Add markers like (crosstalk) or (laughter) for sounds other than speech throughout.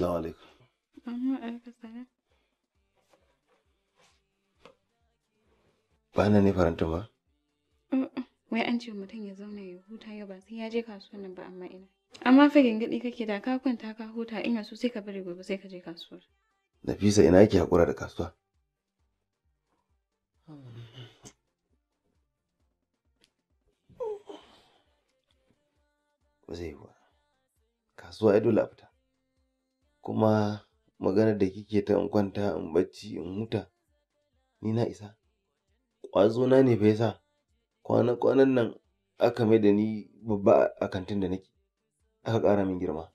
السلام عليكم Ba na ne faranta ba? Wai an ce mutum ya zauna ya huta yau ba sai ya je kasuwan nan ba amma ina. Amma fa gingadi kake da ka kwanta ka huta ina so ka bari gobe sai ka je kasuwar. Nafisa ina yake hakura da kasuwa? Kasuwa ya dole a fita. kuma maganar da kike ta in kwanta in bacci in huta ni na isa ƙwazo na ne fa sa? kwanan nan aka mai da ni babba a kantin da nake aka ƙara min girma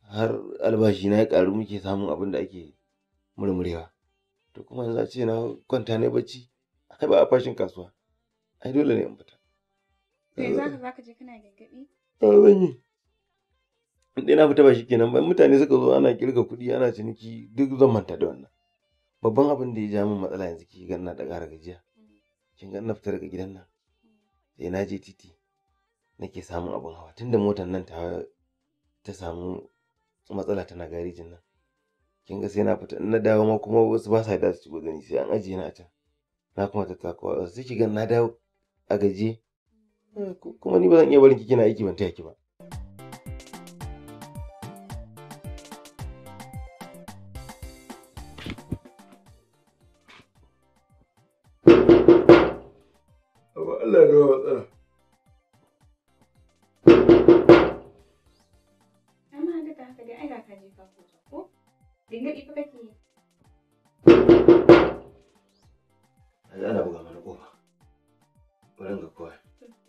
har albashi na ya ƙaru muke samun abin da ake murmurewa to kuma yanzu a ce na kwanta na bacci ai ba a fashin kasuwa ai dole ne in fita. Yanzu haka za ka je kana gyangyaɗi? zan yi. in dai na fita ba shikenan ba mutane suka zo ana kirga kuɗi ana ciniki duk zan manta da wannan babban abin da ya ja min matsala yanzu ki ganna da ƙara gajiya kin ga ina fita daga gidan nan sai na je titi nake samun abin hawa tunda motar nan ta ta samu matsala tana garejin nan kin ga sai na fita na dawo ma kuma wasu ba sa da su shigo gani sai an ajiye ni a can na kuma ta takowa sai ki ga na dawo a gaje eh, kuma ni ba zan iya barin ki kina aiki ban taya ki ba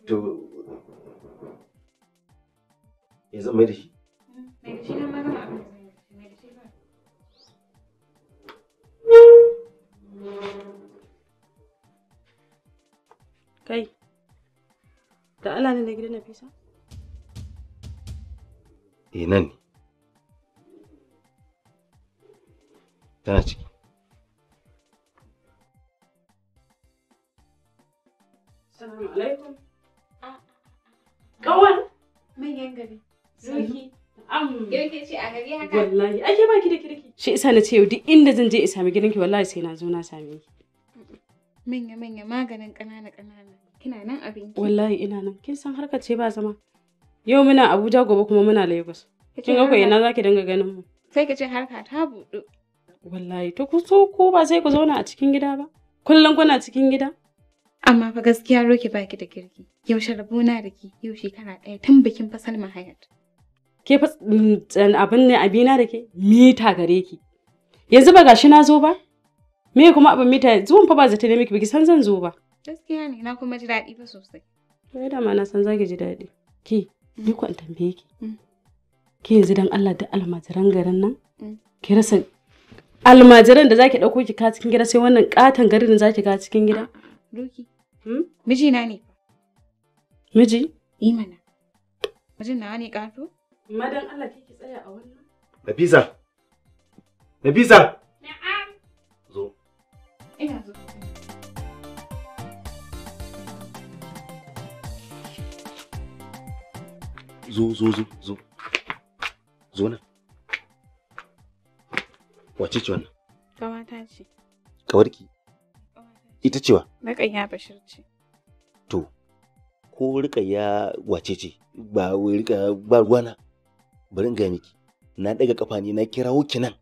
to ya zama da shi sa na ce yau duk inda zan je in sami gidanki wallahi sai na zo na same ki manya manya maganin ƙanana ƙanana kina nan abin wallahi ina nan kin san harkar ce ba zama yau muna Abuja gobe kuma muna Lagos kin ga kai ina zaki dinga ganin mu sai ka ce harka ta buɗu wallahi to ku so ko ba sai ku zauna a cikin gida ba kullum kuna cikin gida amma fa gaskiya roke baki da kirki yaushe rabona da ki yau shekara ɗaya tun bikin fasal mahayat ke mm, abin ne abina da ke mita gare ki yanzu ba gashi na zo ba me kuma abin mita zuwan fa ba zata ne miki biki san zan zo ba gaskiya ne na kuma ji daɗi ba sosai to yadda ma na san zaki ji daɗi ki mm. ni ku tambaye ki mm. ki yanzu dan Allah da almajiran garin nan mm. ki rasa almajiran da zaki dauko ki ka cikin gida sai wannan katan garin da zaki ka cikin gida doki hmm? miji na ne miji imana mijin nawa ne kato madan Allah ki ki tsaya a wannan Nafisa Nafisa! Na'am. Zo. zo. Zo, zo, zo, zo. Wace ce wannan? Kawata ce. Kawarki? Ita ce wa? Bashir ce. To, ko Rukayya wace ce? Ba Rukayya ba ruwana. Bari in gaya miki. Na daga kafa ne na kirawo ki nan.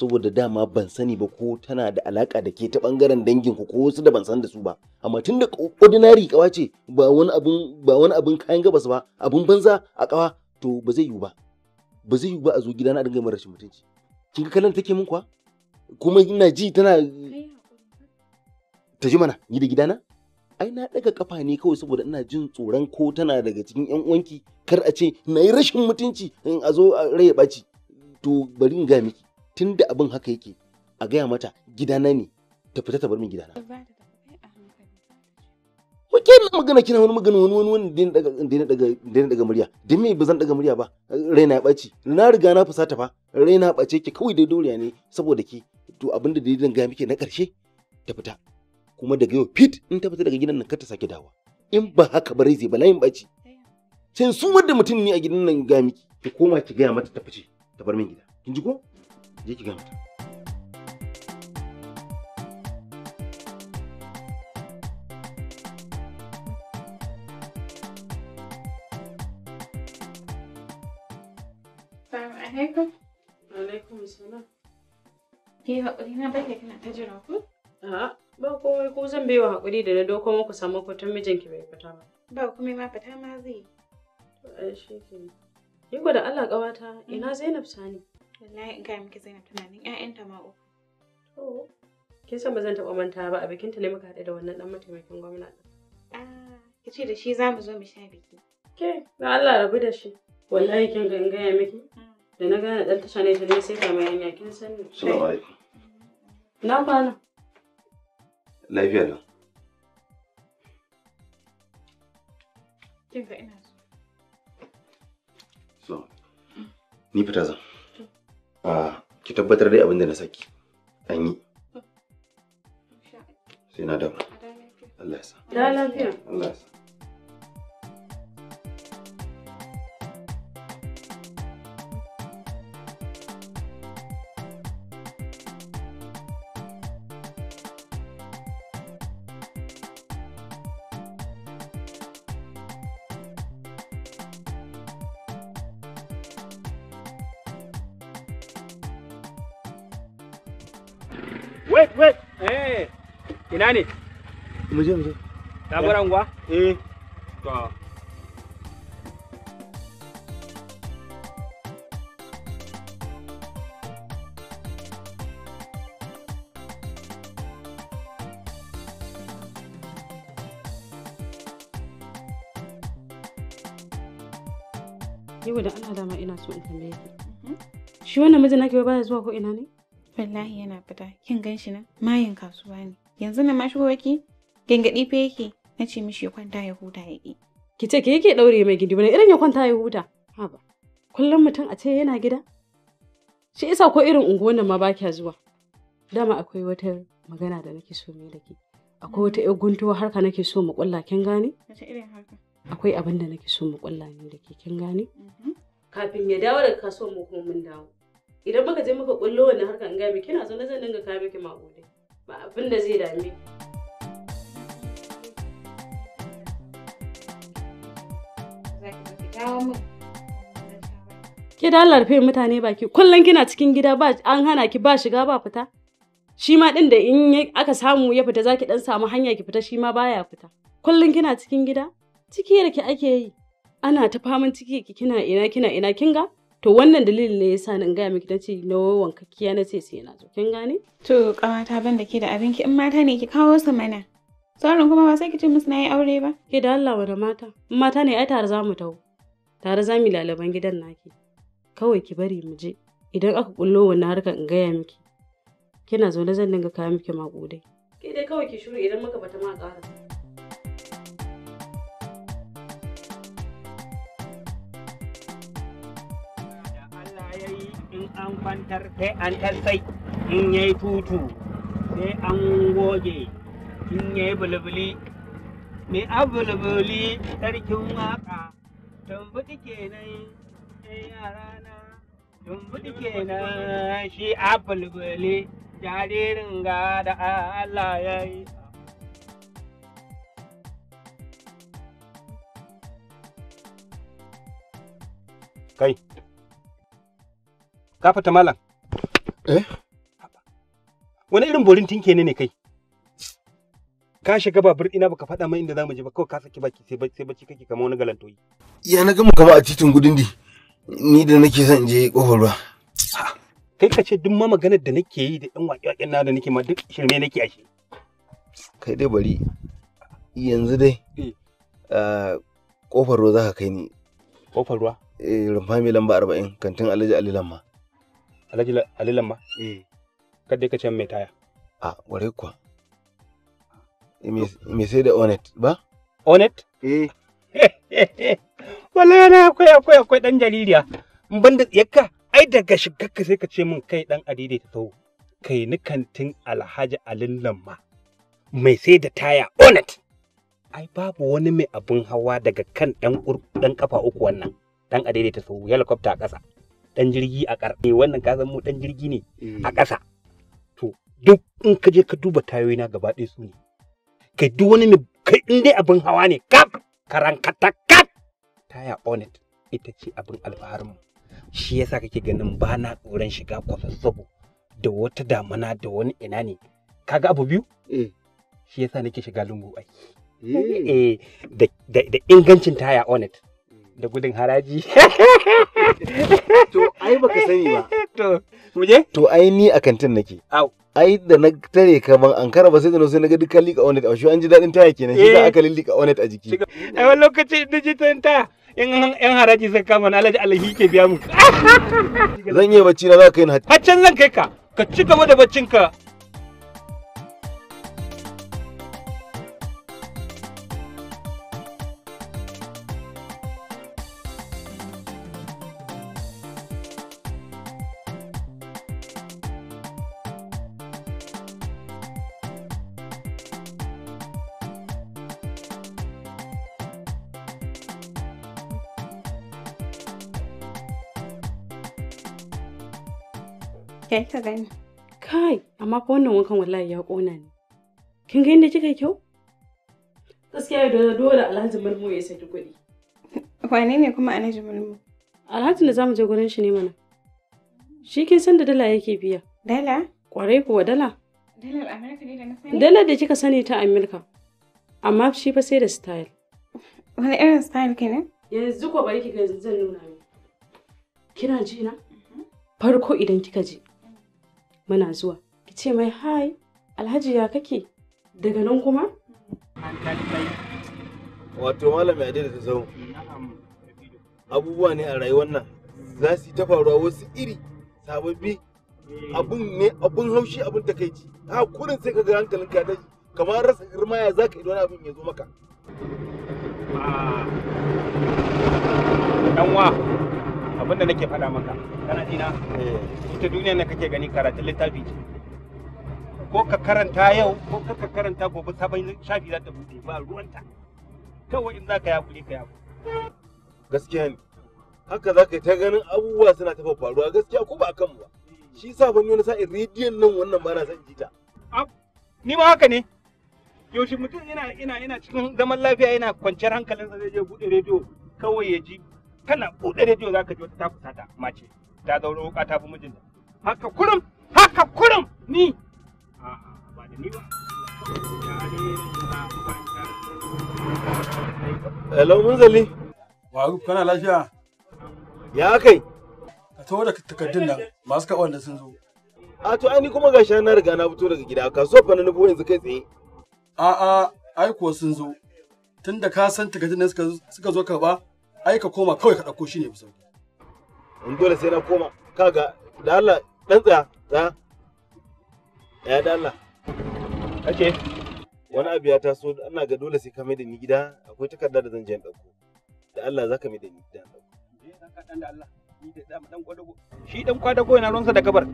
saboda dama ban sani ba ko tana da alaka da ke ta bangaren dangin ku ko wasu da ban san da su ba amma tun da ordinary kawa ce ba wani abun ba wani abun kayan gabas ba abun banza a kawa to ba zai yiwu ba ba zai yiwu ba a zo gidana a dinga rashin mutunci kin ga kallon take min kuwa kuma ina ji tana ta ji mana ni da gidana ai na daga kafa ne kawai saboda ina jin tsoron ko tana daga cikin yan uwanki kar a ce na yi rashin mutunci in a zo a raya baci to bari in ga miki tun da abin haka yake a gaya mata gidana ne ta fita ta bar min gidana. Wake na magana kina wani magana wani wani wani daina daga murya Da me ba zan daga murya ba raina ya ɓaci na riga na fusata fa raina ya ɓace ke kawai dai doriya ne saboda ke to abin da dai gaya muke na ƙarshe ta fita kuma daga yau fit in ta fita daga gidan nan kar ta sake dawa in ba haka ba zai bala in ɓaci sai su da mutum ne a gidan nan gaya miki ki koma ki gaya mata ta fice ta bar min gida kin ji ko je ki alaikum. Alaikum salam. Ki haƙuri na bai kina ta jira ku? A'a, ba komai ko zan baiwa haƙuri da na doko muku samu fitan mijinki bai fita ba. Ba komai ma fita ma zai. To ai shi ke. Ni da Allah ƙawata ina mm. Zainab Sani. Wallahi in gaya miki Zainab tunanin ƴaƴanta ma uku. To, kin san ba zan taɓa manta ba a bikin ta ne muka haɗu da wannan ɗan mataimakin gwamna ɗin. Ah, ki ce da shi za mu zo mu sha biki. Ke, na Allah rabu da shi. Wallahi kin ga in gaya miki. Da na gane ɗan tasha ne ta ne sai kama yanya kin san ni. Salamu alaikum. Na kwana. Lafiya nan. Kin ga ina so. So, ni fita zan. a ah, ki tabbatar dai abin da na saki an yi sai na damu Allah ya sa Allah ya sa ina ne mu je mu je ta yau eh. da Allah dama ina so in tambaye ki. Mm-hmm. Shi wannan mijin nake baya zuwa ko ina ne? Wallahi yana fita. Kin ganshi shi nan? Mayin kasuwa ne. yanzu na ma shigo ki gangadi fa yake na ce mishi ya kwanta ya huta ya ki ki ce ke yake daure mai gidi? bane irin ya kwanta ya huta haba kullum mutum a ce yana gida shi isa ko irin unguwar nan ma ba kya zuwa dama akwai wata magana da nake so mai da ke akwai wata yar guntuwa harka nake so mu kulla kin gane akwai abin da nake so mu kulla ne da ke kin gane mm-hmm. kafin ya dawo daga kasuwar mu kuma mun dawo idan muka je muka kullo wannan harka in ga miki kina zo na zan dinga kawo miki maƙudai ba abin da zai dame ki da mutane baki kullum kina cikin gida ba an hana ki ba shiga ba fita shi ma din da in aka samu ya fita zaki dan samu hanya ki fita shi ma baya fita kullum kina cikin gida ciki da ki ake yi ana ta faman ciki kina ina kina ina kin ga to wannan dalilin ne yasa nan gaya miki nace na wankakkiya nace sai na zo kin gane to kawata ban da ke da abinki in mata ne ki kawo su mana sauran kuma ba sai ki ce musu na yi aure ba ke da Allah wa da mata in mata ne ai tare za mu taho tare za mu lalaban gidan naki kawai ki bari mu je idan aka kullo wannan harkar in gaya miki kina zaune zan dinga kawo miki makudai. ke dai kawai ki shiru idan muka bata ma ƙara an kwantar sai an tarsai in ya yi tutu sai an goge in ya yi bulbuli mai bulbuli sarkin waka tumbuɗi kenan sai yara na tumbuɗi kenan shi bulbuli jaririn ga da Allah ya yi Okay. Ka fita malam. Eh? Wani irin borin tinke ne ne kai? Ka shiga babur ina baka faɗa mai inda zamu je ba kawai ka saki baki sai sai bacci kake kamar wani galantoyi. Ya na gama kama a titin gudun di. Ni da nake son je kofar ruwa. Kai ka ce duk ma maganar da nake yi da ɗan waƙe-waƙen na da nake ma duk shirme nake ashe. Kai dai bari yanzu dai kofar eh. ruwa za ka kai ni. Kofar ruwa? Eh rumfa mai lamba arba'in kantin Alhaji alilamma ma. alhaji alilan ma eh. kada ka ce mai taya a ware kuwa ah. me sai da onet ba onet eh (laughs) wala na akwai akwai akwai dan jaririya in ban da tsiyakka ai daga shigarka sai ka ce min kai dan adide ta taho kai ni kantin alhaji alilan ma mai sai da taya onet ai babu wani mai abin hawa daga kan dan kafa uku wannan dan adaidaita su helicopter a ƙasa dan jirgi a ƙar eh, wannan ka mu dan jirgi ne mm. a ƙasa to duk in ka je ka duba tayoyi na gaba ɗaya su ne kai duk wani kai in dai abin hawa ne kaf ta kaf taya onet ita ce abin alfaharinmu shi yasa kake ganin ba na tsoron shiga sabo da wata damana da wani ina ne kaga abu biyu mm. shi yasa nake shiga lungu ai mm. eh, da ingancin taya onet da gudun haraji to ai ka sani ba to muje to ai ni a kantin nake au ai da na tare ka ban an kara ba sai da sai na ga dukkan lika onet a shi an ji daɗin taya kenan shi da aka eh. lika onet a jiki ai wani lokaci da ji taya in yan haraji sai kama na alaji alahi ke biya mu zan yi bacci na za ka yi na haccan zan kai ka ka ci gaba da baccin ka ta gani? Kai, amma ko wannan wankan wallahi ya kona ni. Kin ga inda kika yi kyau? Gaskiya da dole Alhaji Malmo ya saki kuɗi. Wane ne kuma Alhaji Malmo? Alhaji da zamu je gurin shi ne mana. Shi kin san da dala yake biya. Dala? Kwarai kuwa dala. Dalar Amerika ne da na sani? Dalar da kika sani ta Amerika. Amma shi fa sai da style. Wani irin style kenan? Yanzu ko bari kika zan nuna Kina ji na? Farko idan kika ji muna zuwa ki ce mai hai alhaji ya kake daga nan kuma wato malami a da ta abubuwa ne a rayuwar nan za su yi ta faruwa wasu iri sababi abun ne abun haushi abun takaici ha kurin sai ka ga hankalin ka dai kamar rasa girma ya zaka yi wani abin ya zo maka ɗanwa. abin da nake faɗa maka kana jina eh. ita duniya ne kake gani karatun littafi ko ka karanta yau ko ka karanta gobe sabon shafi za ta bude ba ruwanta kawai in za ka yakuri ka yakuri gaskiya ne haka za ka ta ganin abubuwa suna ta faruwa gaskiya ko ba a kanmu ba shi sa ban yi wani sa'in rediyon nan wannan ba na son jita ni ma haka ne yaushe mutum ina ina ina cikin zaman lafiya yana kwanciyar hankalinsa zai je bude rediyo kawai ya ji kana buɗe rediyo za ka ji wata ta fusata mace ta zauro wuka ta mijin da haka kurum haka kurum ni ba da ni ba Hello Munzali. Maruf kana lafiya? Ya kai. Ka tawo da takardun nan masu ka da sun zo. A to ai ni kuma gashi na riga na fito daga gida so fa na nufo yanzu kai tsaye. A'a ai kuwa sun zo. Tunda ka san takardun nan suka zo karɓa ai ka koma kawai ka ɗauko shi ne bisa in dole sai na koma kaga da Allah dan tsaya da ya da Allah ake wani abu ya taso ana ga dole sai ka mai da ni gida akwai takarda da zan je ɗauko da Allah za ka mai da ni gida eh, ɗauko da Allah shi dan kwadago yana ruwansa da gabar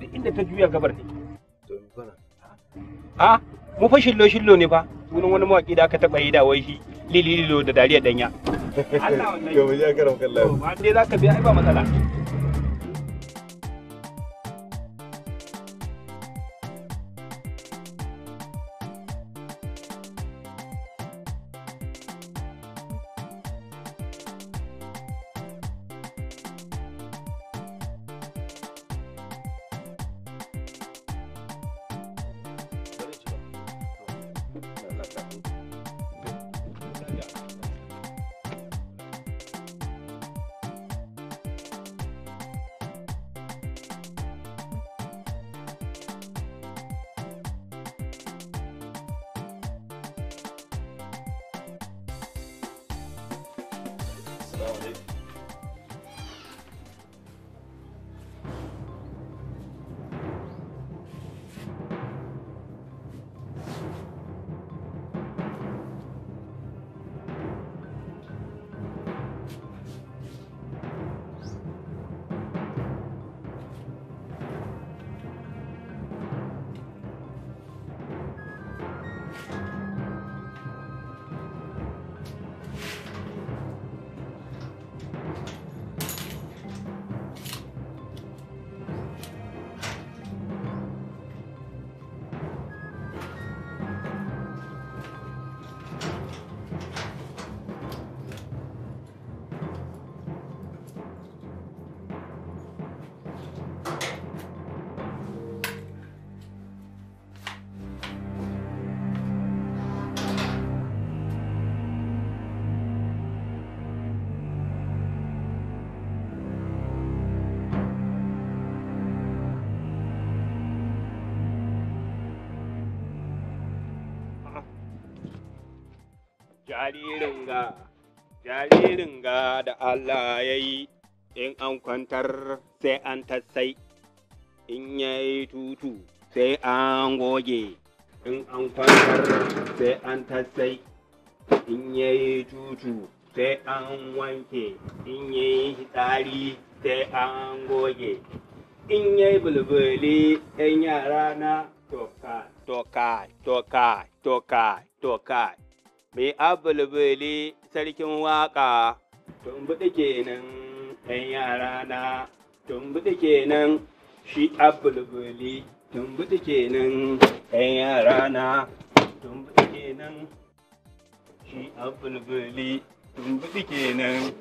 duk inda ta juya gabar ne to a mu fa shillo shillo ne fa sunan wani mawaki da aka taba yi da wai shi lili da dariya danya Allah (laughs) wannan to mu je karam kallahu ma dai zaka bi ai ba matsala jaririn ga jaririn ga da Allah ya yi in an kwantar sai an tassai in ya yi tutu sai an goge in an kwantar sai an tassai in ya yi tutu sai an wanke in ya yi hitsari sai an goge in ya yi bulbuli yan yara na toka toka toka toka toka mai abulbuli sarkin waƙa tumbuɗi kenan ɗan yara na tumbuɗi kenan shi abulbuli tumbuɗi kenan ɗan yara na tumbuɗi kenan shi abulbuli tumbuɗi kenan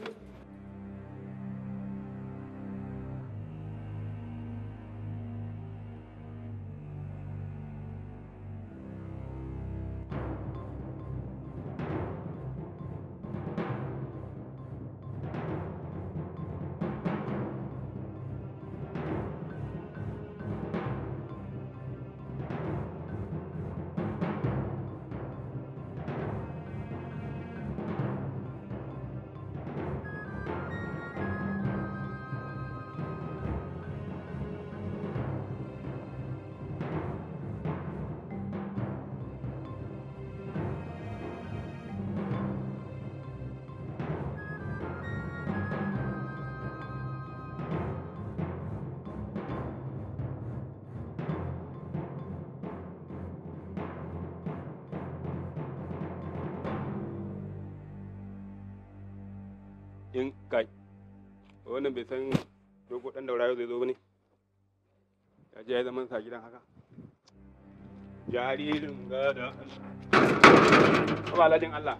wannan bai san dogo dan daura yau zai zo bane ya je ya zama sa gidan haka jaririn gada ba Allah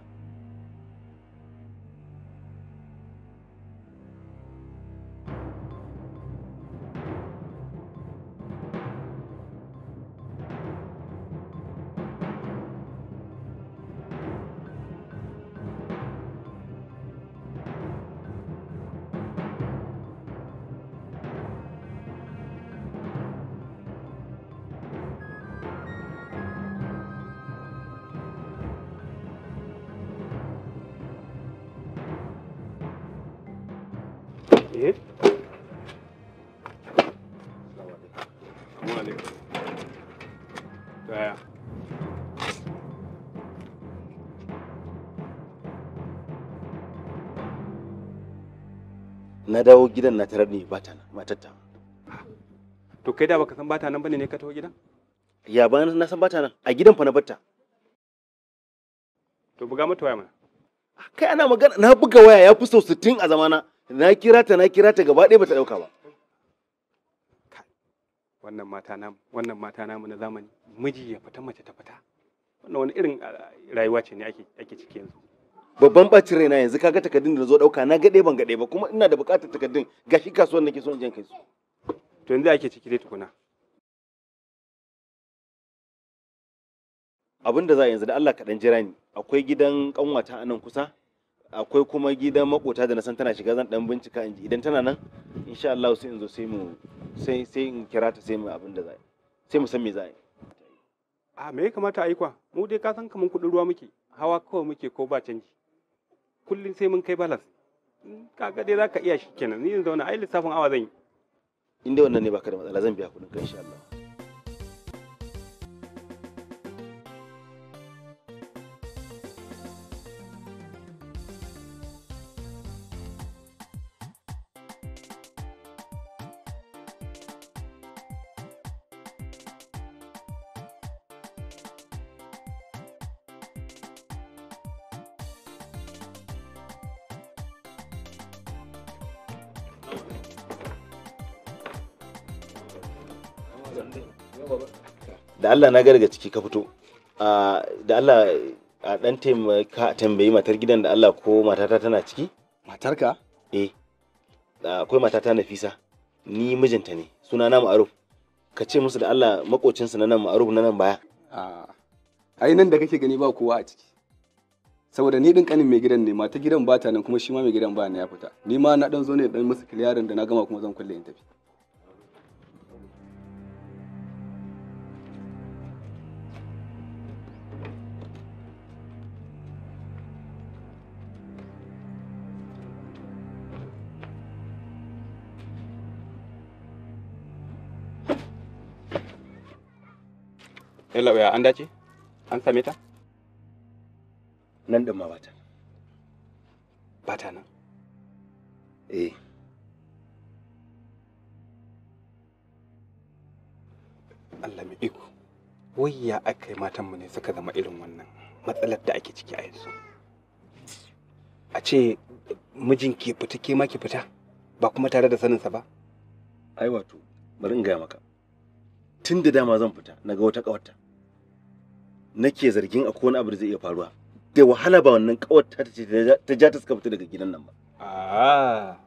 na dawo gidan na tarar ne ba ta nan matar ta to kai da baka san ba nan bane ne ka taho gidan ya ba na san ba nan a gidan fa na batta to buga mata waya mana kai ana magana na buga waya ya fi sau 60 a zamana na kira ta na kira ta gaba ɗaya bata dauka ba wannan mata na wannan mata namu na zamani miji ya fita mace ta fita wannan wani irin ah, rayuwa ce ne ake ake ciki yanzu babban bacin raina yanzu kaga takardun da na zo dauka na gade ban gade ba kuma ina da bukatar takardun gashi kasuwar nake so in je kai su to yanzu ake ciki dai tukuna abin da za yanzu da Allah kaɗan jira ni akwai gidan kanwata a nan kusa akwai kuma gidan makota da na san tana shiga zan dan bincika in ji idan tana nan insha Allah sai in zo sai mu sai sai in kira ta sai mu abin da za yi sai mu san me za yi a me ya kamata a yi kwa mu dai ka san kaman kudin ruwa muke hawa kawai muke ko ba canji kullum sai mun kai balance kaga dai zaka iya shi kenan ni zan zauna ai lissafin awa zan yi inda wannan ne baka da matsala zan biya kuɗin ka insha Allah da Allah na ga ciki ka fito da Allah a dan taimaka tambayi matar gidan da Allah ko matata tana ciki matarka eh akwai matata Nafisa ni mijinta ne suna na Ma'aruf ka ce musu da Allah su na nan Ma'aruf na nan baya ai nan da kake gani ba kowa a ciki saboda ni din kanin mai gidan ne mata gidan ba ta nan kuma shi ma mai gidan ba ya fita ni ma na dan zo ne dan musu kiliyarin da na gama kuma zan kulle in tafi Yallaɓa eh, ya an dace? An same ta? Nan din ma bata. Bata nan? Eh. Allah mai iko. Wai ya aka yi matanmu ne suka zama irin wannan matsalar da ake ciki a yanzu. A ce mijin ke fita ke ma ke fita ba kuma tare da saninsa ba? Ai wato, bari in gaya maka. Tun da dama zan fita, naga wata ƙawarta. nake zargin akwai wani abu da zai iya faruwa da wahala ba wannan kawar ta ce ta ja ta suka fita daga gidan nan ba a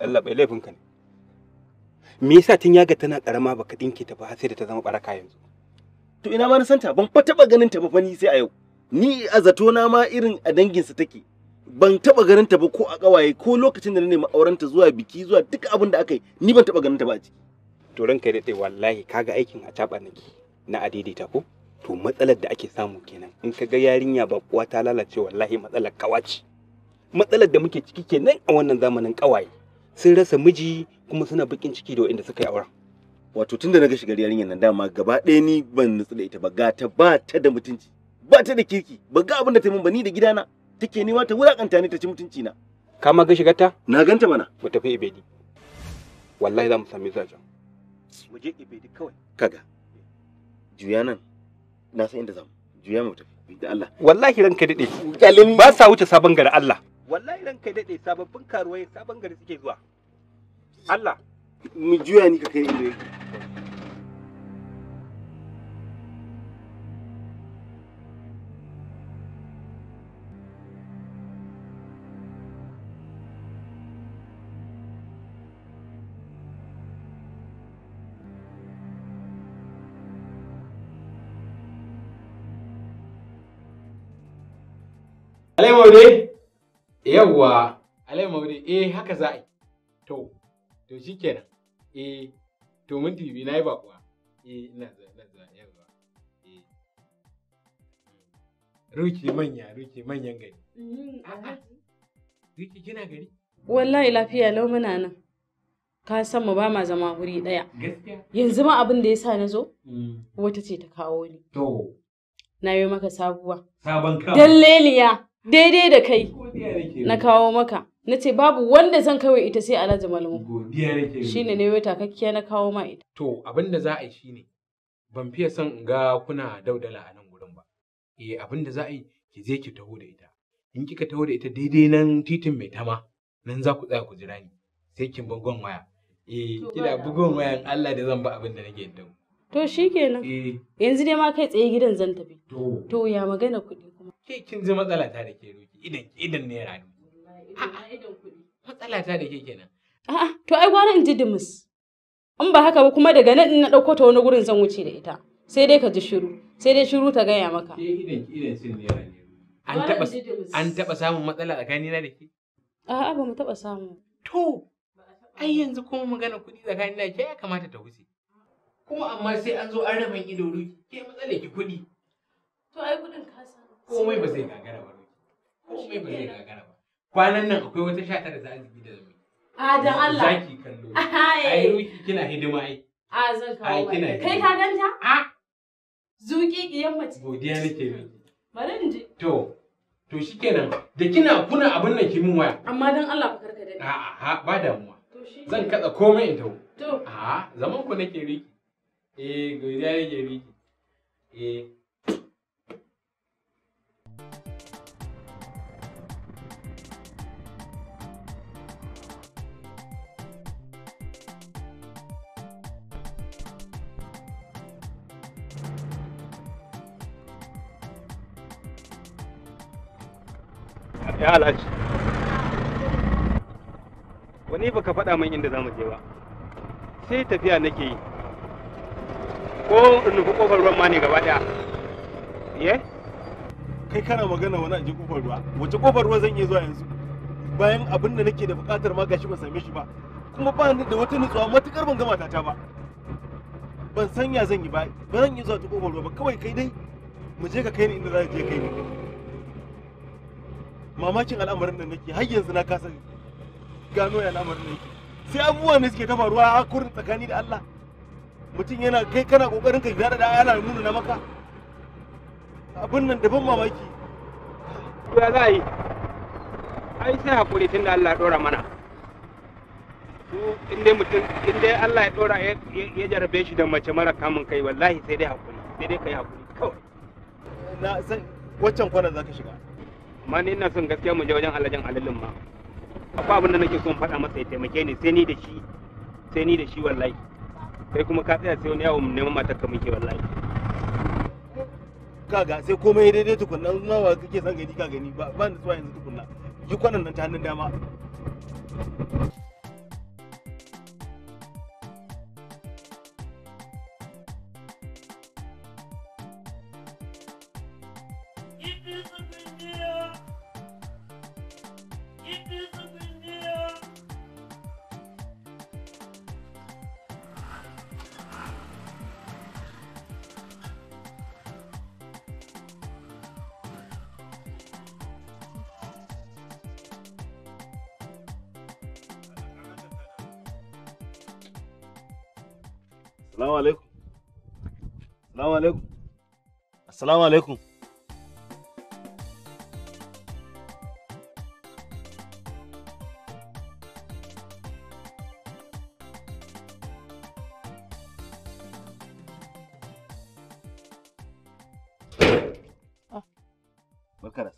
Allah bai laifin ka ne me yasa tun yaga tana karama baka dinke ta ba sai da ta zama baraka yanzu to ina ma na santa ban fa taba ganin ta ba fa ni sai a yau ni a zato na ma irin a dangin sa take ban taba ganin ta ba ko a kawaye ko lokacin da na nemi ta zuwa biki zuwa duk abin da aka yi ni ban taba ganin ta ba a ciki to ranka dai wallahi kaga aikin a taba nake na adaidaita ko to matsalar da ake samu kenan in ka ga yarinya ba kuwa ta lalace wallahi matsalar kawaci matsalar da muke ciki kenan a wannan zamanin kawaye sun rasa miji kuma suna bakin ciki da waɗanda suka yi auren wato tunda na ga shigar yarinyar nan dama gaba ɗaya ni ban nutsu da ita ba ga ta ba ta da mutunci ba ta da kirki ba ga abin da ta min ba ni da gidana take nema ta wulakanta ni ta ci mutunci na ka ma ga shigar ta na ganta mana mu tafi ibedi wallahi za mu sami zajen mu je ibedi kawai kaga juya nan na san inda zamu juya mu tafi da Allah wallahi ranka dade ba sa wuce sabon gari Allah wallahi ranka dade sababbin karuwai sabon gari suke zuwa Allah mu juya ni ka kai inda yake Alai Maude? Yawwa, Alai Maude, eh haka za a yi. To, to shi kenan. Eh, to mun tibi na yi bakuwa. Eh, ina zuwa, ina zuwa, yawwa. Eh. Ruki manya, ruki manyan gari. Mm-hmm. Ruki kina gari? Wallahi lafiya lau muna nan. Ka san mu ba ma zama wuri ɗaya. Gaskiya. Yanzu ma abin da ya sa na zo, mm. wata ce ta kawo ni. To. Na yi maka sabuwa. Sabon kawo. Dalleliya. daidai da kai na kawo maka na ce babu wanda zan kawai ita sai alhaji malamu shine ne wata kakkiya na kawo ma ita to abin da za a yi shine ban fiye son in ga kuna daudala a nan gurin ba eh abin da za a yi ki je ki taho da ita in kika taho da ita daidai nan titin mai tama nan za ku tsaya ku jira ni sai kin bugon waya eh kina bugon wayan Allah da zan ba abin da nake da to shikenan eh. yanzu dai ma kai tsaye gidan zan tafi to ya magana kuɗi Ke kin ji matsala ta da ke roki idan idan ne rani. Matsala ta da ke kenan. A'a to ai gwara in ji dimis. In ba haka ba kuma daga nan na ɗauko ta wani gurin zan wuce da ita. Sai dai ka ji shiru, sai dai shiru ta gaya maka. Ke idan idan sun ne rani. An taɓa an taba samun matsala tsakanina da ke? A'a ba mu taɓa samu. To, ai yanzu kuma magana kuɗi tsakanin da ke ya kamata ta wuce. Kuma amma sai an zo an raban ido ruki, ke matsala ki kuɗi. To ai kuɗin ka san komai ba zai gagara ba komai ba zai gagara ba kwanan nan akwai wata sha tara za a azumi da zumi a dan Allah zaki kallo (laughs) ai ruki kina hidima ai a zan kawo kai ka ganta a zuki kiyan mace godiya nake miki bari in je to to shikenan da kina kuna abin nan ki mun waya amma dan Allah fa karka dade a a ba damuwa zan katsa komai in tawo to a zaman ku nake riki eh godiya nake riki eh ya alashi wani baka faɗa min inda za mu je ba sai tafiya nake yi ko nufi kofar ruwan ma ne gaba ɗaya ye eh? kai kana magana wani aji kofar ruwa wace kofar ruwa zan iya zuwa yanzu bayan abin da nake da buƙatar ma gashi ba same shi ba kuma ba ni da wata nutsuwa matukar ban gama ta ba ban sanya zan yi ba ban yi zuwa ta kofar ruwa ba kawai kai dai mu je ka kai ni inda za ka je kai ni mamakin al'amarin da nake har yanzu na kasa gano ya al'amarin nake sai abubuwan da suke ta faruwa a kurin tsakani da Allah mutum yana kai kana kokarin ka gida da ana nuna na maka abin nan da ban mamaki ya za yi ai sai hakuri tunda Allah ya dora mana in dai mutum in Allah ya dora ya jarabe shi da mace mara kamun kai wallahi sai dai hakuri sai dai kai hakuri kawai na san waccan kwana za ka shiga mani ina son gaskiya mu je wajen alajan alalin ma akwai abin da nake son faɗa masa ya taimake ni sai ni da shi sai ni da shi wallahi kai kuma ka tsaya sai wani yawon neman matar ka muke wallahi kaga sai komai daidai tukunna nawa kake son gani ka gani ba ba ni zuwa yanzu tukunna yi kwanan nan ta hannun dama Assalamu alaikum. Assalamu alaikum. Assalamu alaikum.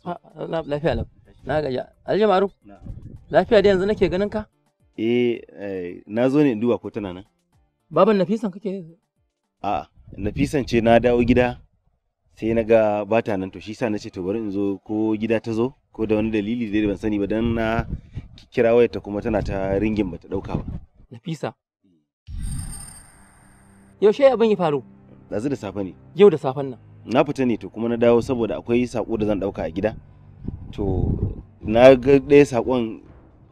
Ah, lafiya lau na gaja aljamaru lafiya dai yanzu nake ganin ka eh, eh na zo ne in duba ko tana nan Baban Nafisan kake? A Nafisan ce na dawo gida sai na ga bata nan to shi sa na ce to bari in zo ko gida ta zo ko da wani dalili da ban sani ba dan na kira ta kuma tana ta ringin bata dauka ba. Nafisa. Yaushe abin ya faru? Dazu da safe ne. Yau da safen nan. Na fita ne to kuma na dawo saboda akwai sako da zan dauka a gida. To na ga ɗaya sakon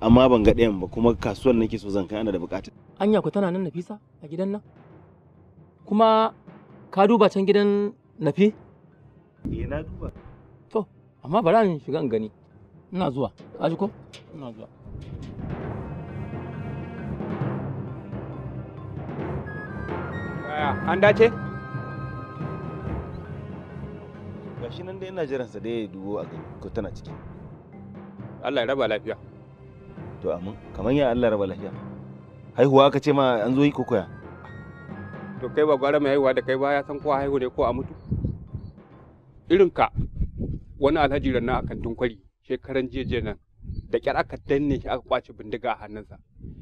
amma ban ga ɗayan ba kuma kasuwar nake so zan kai ana da bukata anya ku tana nan nafisa a gidan nan kuma ka duba can gidan nafi eh na duba to amma bari in shiga in gani ina zuwa ka ji ko ina zuwa an dace gashi nan dai ina jiransa da ya dubo a ko tana ciki Allah ya raba lafiya to amin kamar ya Allah raba lafiya haihuwa aka ce ma an zo yi kokoya to kai ba gwara mai haihuwa da kai ba ya san ko haihu ne ko a mutu irin ka wani alhaji ranna a kantin kwari shekaran jiya nan da kyar aka danne shi aka kwace bindiga a hannunsa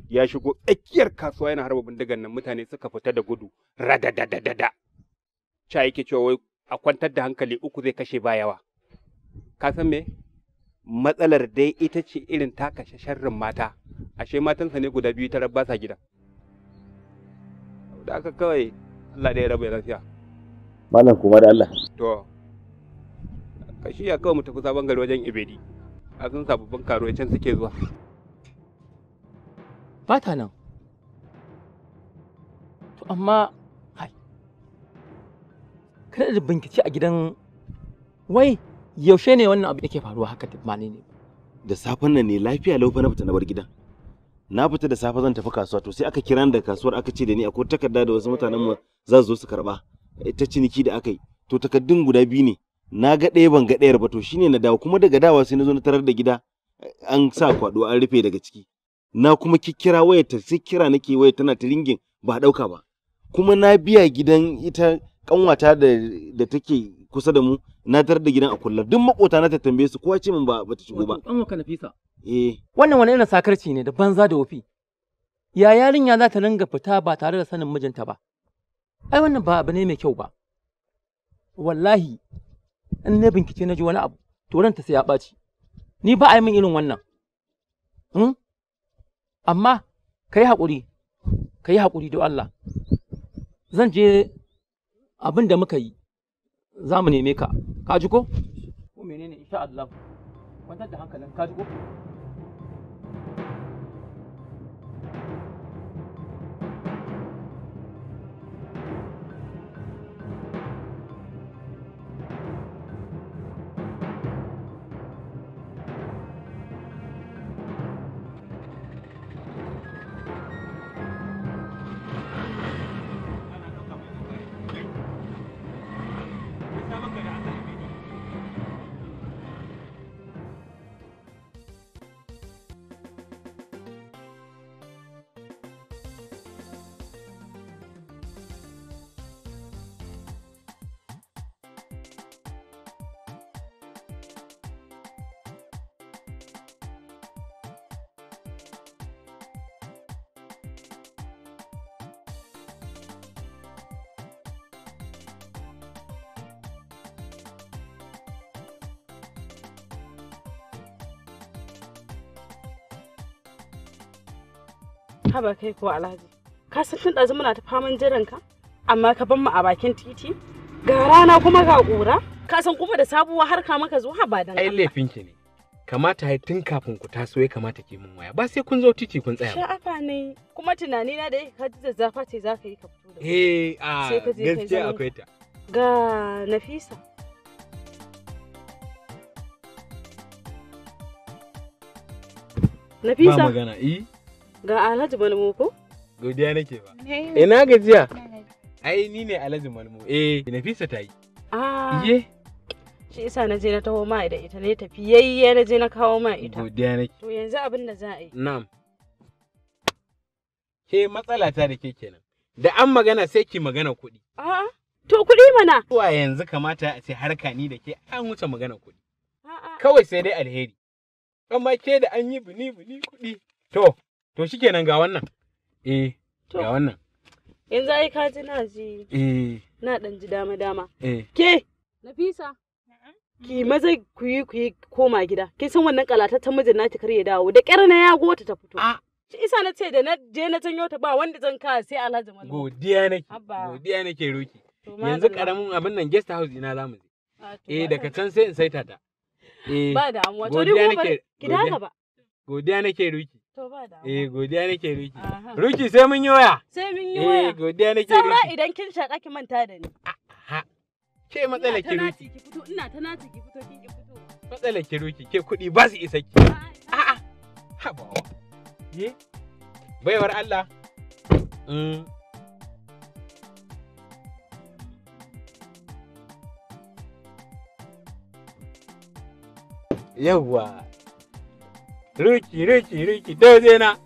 ya shigo tsakiyar kasuwa yana harba bindigan nan mutane suka fita da gudu radadadadada cha yake cewa wai a kwantar da hankali uku zai kashe ba yawa ka san me matsalar dai ita ce irin ta kashe sharrin mata ashe matansa ne guda biyu tarar ba sa gida da aka kawai Allah da ya rabu ya? lafiya malam kuma da Allah to shi ya kawai mu tafi sabon gari wajen ibedi a sun sababbin karo can suke zuwa ba ta nan to amma kai kada da binkici a gidan wai yaushe ne wannan abu yake faruwa haka ma ne da safen nan ne lafiya laufa na fita na bar gidan na fita da safe zan tafi kasuwa to sai aka kira da kasuwar aka ce da ni akwai takarda da wasu mutanen mu za su zo su karba ta ciniki da aka yi to takardun guda biyu ne na ga ɗaya ban ga ɗayar ba to shine na dawo kuma daga dawa sai na zo na tarar da gida an sa kwado an rufe daga ciki na kuma kikkira wayar ta sai kira nake wayar tana ta ringin ba ɗauka ba kuma na biya gidan ita kanwata da take kusa da mu na tar da gidan a kullar duk makota na ta tambaye su kowa ce min ba bata shigo ba an waka nafisa eh wannan wani irin sakarci ne da banza da wofi ya yarinya za ta ringa fita ba tare da sanin mijinta ba ai wannan ba abu ne mai kyau ba wallahi in na bincike na ji wani abu to ranta sai ya ɓaci ni ba a yi min irin wannan hmm? amma ka yi haƙuri ka yi haƙuri don Allah zan je abin da muka yi za mu neme ka ka ji ko ko menene insha Allah kwantar da hankalin ka ji ko haba kai ko alhaji ka san tun ɗazu muna ta faman jiran ka amma ka ban mu a bakin titi ga rana kuma ga ƙura ka san kuma da sabuwa har ka maka zo haba dan ai laifin ki ne kamata ya tun kafin ku taso ya kamata ke mun waya ba sai kun zo titi kun tsaya sha'afa ne kuma tunani na da yake ka ji zazzafa ce za ka yi ka fito da eh a gaskiya akwai ta ga nafisa Nafisa. Ba magana, eh? Ga Alhaji Malmo ko? Godiya nake ba. Ina gajiya? Ai ni ne Alhaji Malmo. Eh, Nafisa ta yi. Ah. Iye. Shi isa na je na taho ma da ita ne tafi yayye na je na kawo ma ita. Godiya nake. To yanzu abin da za a yi. Na'am. Ke matsala ta da ke kenan. Da an magana sai ki magana kuɗi. A'a. To kuɗi mana. Zuwa yanzu kamata a ce harka ni da ke an wuce magana kuɗi. A'a. Kawai sai dai alheri. Amma ke da an yi bini bini kuɗi. To, To shi kenan ga wannan. Eh, ga wannan. Yanzu ai ka ji na ji. Eh. Na dan ji dama dama. Eh. Ke, Nafisa. Ki maza ku yi ku yi koma gida. Ke san wannan kalatattan mijin naki kar ya dawo. Da ƙyar na ya gota ta fito. Ah. Shi isa na ce da na je na janyo ta ba wanda zan ka sai Alhaji Malam. Godiya nake. Godiya nake roki. Yanzu karamin abin nan guest house ina zamu je. Eh daga can sai in saita ta. Eh. Ba damuwa. To ni ko ba ki daga ba. Godiya nake roki. To ba da. Eh godiya nake Ruki. Ruki sai mun yi waya. Sai mun yi eh, waya. Eh godiya nake Ruki. Sai idan kin shaka ki manta da ni. Ha. Ke matsala ki Ruki. Ina ta naci ki fito, ina ta naci ki fito ki fito. Matsala ki Ruki, ke kuɗi ba su isa ki. A'a. Haba. Ye. Baiwar Allah. Mm. Yawwa. 绿旗，绿旗，绿对不对呢？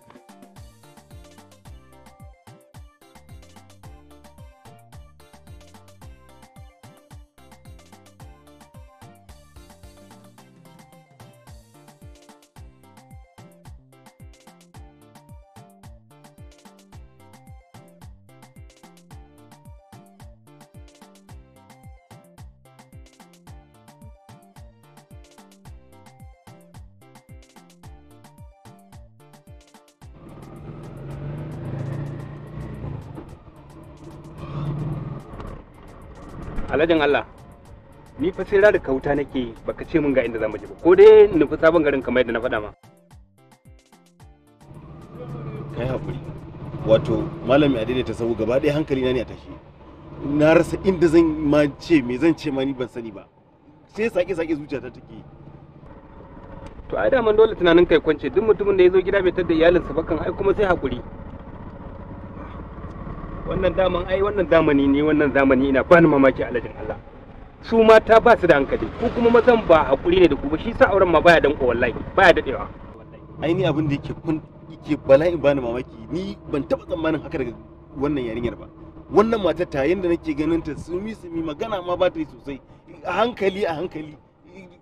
Hajin Allah. Ni fa sai rarika wuta nake baka ce min ga inda zamu je ba. Ko dai nufi sabon garin kamar yadda na faɗa ma. Kai hakuri. Wato malami a ta sabu gaba ɗaya hankali na ne a tashi. Na rasa inda zan ma ce me zan ce ma ni ban sani ba. Sai sake-sake ta take. To ai da man dole tunanin kai kwance duk mutumin da ya zo gida bai tada iyalinsa ba kan ai kuma sai hakuri. wannan daman ai wannan zamani ne wannan zamani ina ba ni mamaki alajin Allah su mata ba su da hankali ko kuma mazan ba hakuri ne da ku ba shi sa auren ma baya danko wallahi baya dadewa ai ni abin da yake kun yake bala'i bani mamaki ni ban taba tsammanin haka daga wannan yarinyar ba wannan mata ta yanda nake ganin ta su mi magana ma ba ta yi sosai a hankali a hankali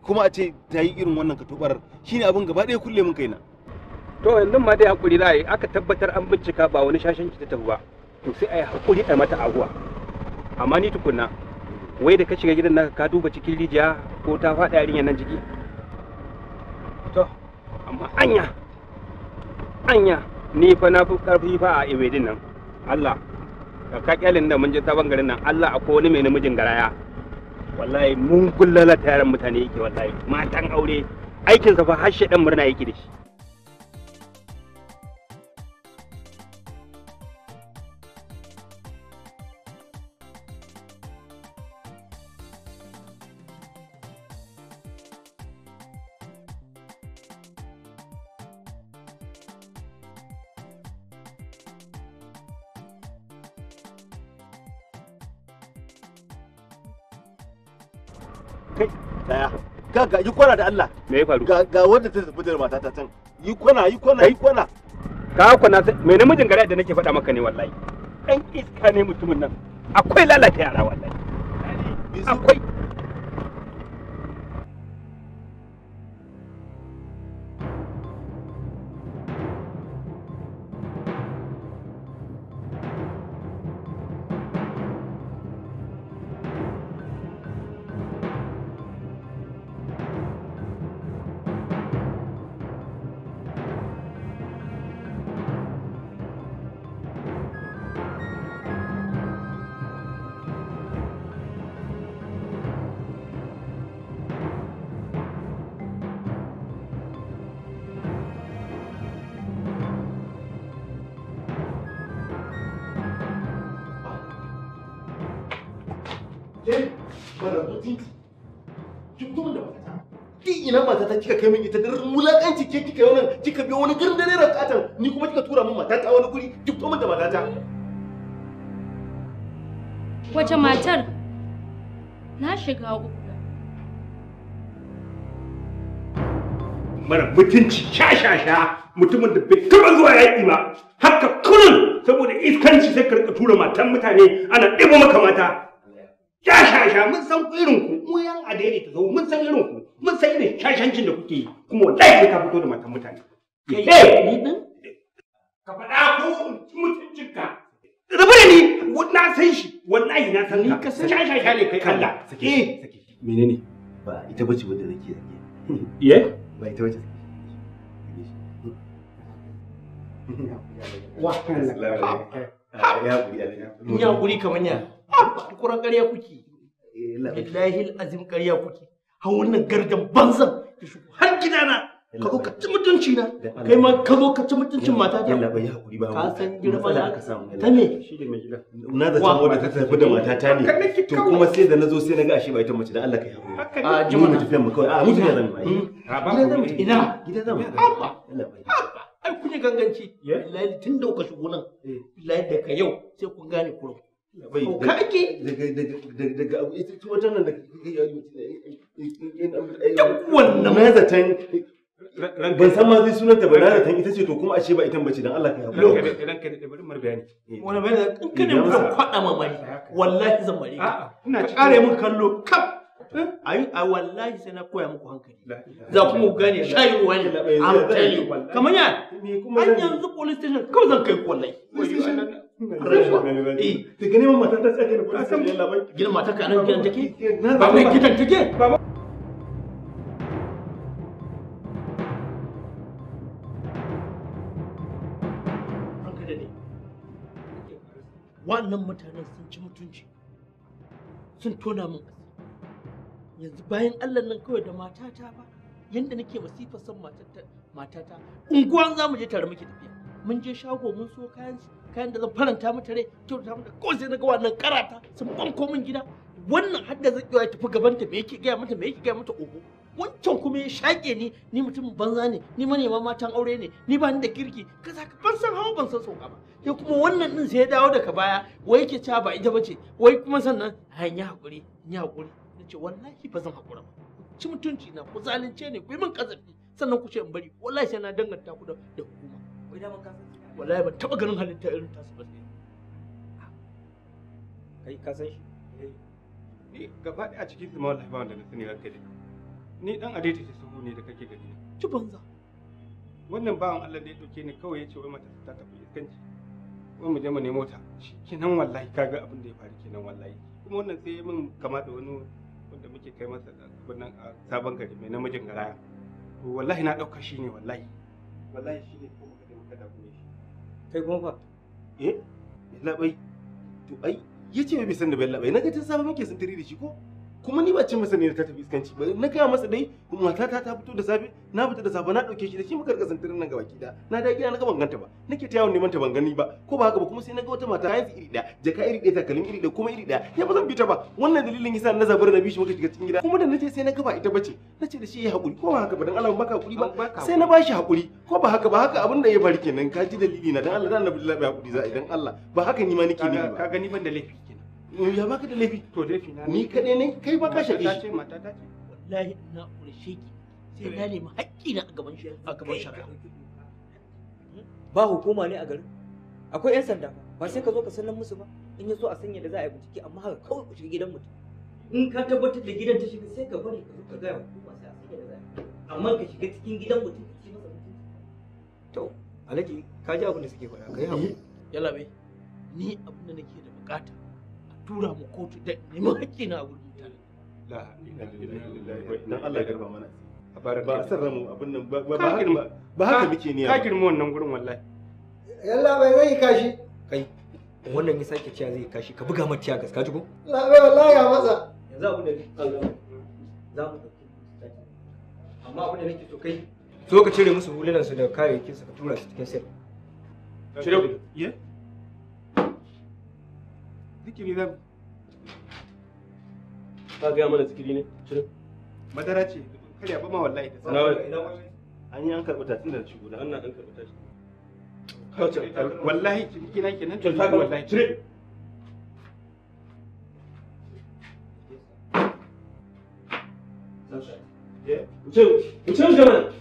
kuma a ce ta yi irin wannan katobar shine abin gaba ɗaya kulle mun kaina to yanzu ma dai hakuri za a yi aka tabbatar an bincika ba wani shashanci ta tafi ba to sai a yi hakuri a mata aguwa amma ni tukunna wai da ka shiga gidan naka ka duba cikin rijiya ko ta faɗa yarinya nan jiki to amma anya anya ni fa na fi ƙarfi fa a iwedin nan Allah ka ka kyalin da mun je sabon garin nan Allah akwai wani mai namijin garaya wallahi mun kullala tayaran mutane yake wallahi matan aure aikinsa fa har shaɗan murna yake da shi yi kwana da Allah me ya faru ga wanda ta tafi da mata ta can yi kwana yi kwana yi kwana ka kwana me namijin gari da nake faɗa maka ne wallahi dan iska ne mutumin nan akwai lalata yara wallahi akwai ina mata ta kika kai min ita da wulakanci ke kika yi wannan kika biyo wani gurin da ne rakatan ni kuma kika tura min mata ta wani guri duk to min da mata ta wace matar na shiga uku mara mutunci sha-sha-sha mutumin da bai taba zuwa yaƙi ba haka kurin saboda iskanci sai karka tura matan mutane ana ɗiba maka mata sha sha mun san irin ku mu yan adaidaita zo mun san irin ku mun san irin shashancin da kuke yi kuma wallahi ka fito da matan mutane kai eh! ka faɗa ko mutuncinka rabu ni na san shi wallahi na san ka ne kai Allah sake eh! sake menene ba ita bace wanda nake ye ba ita bace ya kuri kamar ya kuran ƙarya eh, har wannan gardan banzan ya shigo har gidana ka zo ka ci mutunci na kai ma ka zo ka ci mutuncin mata ta Allah bai hakuri ba ka san girma na aka samu ta me shi da mai gida na da tamo da ta tafi da mata ta ne to kuma sai da nazo sai na ga ashe ba ita mace da Allah kai hakuri a ji mu tafiyan mu kawai a mutu ne zan yi gida zan ina gida zan abba Allah bai ai kun ganganci eh? wallahi tun da kuka shigo nan eh. da ka yau sai kun gane kurum kaki daga ita ce to kuma ashe ba ita bace dan Allah ka yabu ka bari mar bayani wannan bayani in kana mun kwada ma wallahi zan a'a ina kare mun kallo kap ai a wallahi sai na koya muku hankali za ku gane shayi am tell you kamar ya an yanzu police station kawai zan kai ku wallahi Eh, Wannan mutanen sun ci mutunci sun tona min yanzu bayan Allah nan kawai da matata ba yanda nake masifar son matata unguwan za mu je tare muke tafiya mun je shago mun so kayan kayan da zan faranta mata rai kyauta mata ko sai na ga wannan karata sun banko min gida wannan har da zakiwa ya tafi ta me yake gaya mata me yake gaya mata oho wancan kuma ya shaƙe ni ni mutum banza ne ni manema matan aure ne ni ba ni da kirki kaza ka ban san hawa ban san sauka ba sai kuma wannan din sai ya dawo daga baya wai yake cewa ba ita bace wai kuma sannan ai yi hakuri yi hakuri nace wallahi ba zan hakura ba ci mutunci na ku zalunce ne ku yi min kazafi sannan ku ce in bari wallahi sai na danganta ku da hukuma wai da ban wallahi ba taba ganin halitta irin tasu ba sai kai ka san shi eh. ni gaba a cikin su ma wallahi ba wanda na sani ranka dai ni dan adaita ce su ne da kake gani ci banza wannan bawan Allah da ya dauke ni kawai ya ce wai mata ta tafi iskanci wai mu je mu nemo ta kenan wallahi kaga abin da ya faru kenan wallahi kuma wannan sai min kama da wani wanda muke kai masa wannan a sabon gari mai namijin garaya to wallahi na daukar shi ne wallahi wallahi shi ne kuma kai kuma fa eh labai to ai yace bai san da bai labai naga ta safa muke sintiri da shi ko kuma ni ba cin masa ne ta tafi iskanci ba na kai masa dai kuma matata ta fito da safe na fita da safe na dauke shi da shi muka rika santirin nan gabaki da na da gida na ga ban ganta ba nake ta yawon neman ta ban gani ba ko ba haka ba kuma sai na ga wata mata yanzu iri daya jaka iri daya takalin iri da kuma iri da ya ba zan bi ta ba wannan dalilin yasa na zabar na bishi muka shiga cikin gida kuma da nace sai na ga ba ita bace nace da shi ya hakuri ko ba haka ba dan Allah baka hakuri ba sai na bashi hakuri ko ba haka ba haka abin da ya bari kenan ka ji dalili na dan Allah dan Annabi Allah ya hakuri za idan Allah ba haka ni ma nake ne ba ka gani ban da laifi kenan mm, ya baka da laifi to laifi na ni kadai ne kai ba ka shake shi mata ta ce wallahi na ƙurshe ki sai na nemi haƙƙi na a gaban shari'a ba hukuma ne a garin akwai 'yan sanda ba sai ka zo ka sanar musu ba in ya so a sanya da za a yi bincike amma haka kawai ku shiga gidan mutum in ka tabbatar da gidan ta shiga sai ka bari ka zo ka gaya hukuma sai a sanya da za a yi amma ka shiga cikin gidan mutum ka ce masa mutum to ka ji abin da suke faɗa kai hakuri yalla bai ni abin da nake da bukata a tura mu kotu da neman haƙƙi na a gurin mutane la ilaha illallah ya garba mana ba a san ramu abin nan ba ba haka muke niyya ka girma wannan gurin wallahi yalla bai zai kashi kai wannan ya sake ciya zai kashi ka buga mata tiyagas ka ji ko labai wallahi ya matsa yanzu abin da za mu amma abin da nake so kai so ka cire musu hulunan su daga kayayyakin su ka tura su cikin sel cire ku ye zikiri za ka ga mana zikiri ne cire madara ce karya ba ma wallahi da sanar an yi an karɓi tatin da cigo da annan an karɓi tatin wallahi ciniki na kenan cinta ga wallahi cire Uçuyor, uçuyor canım.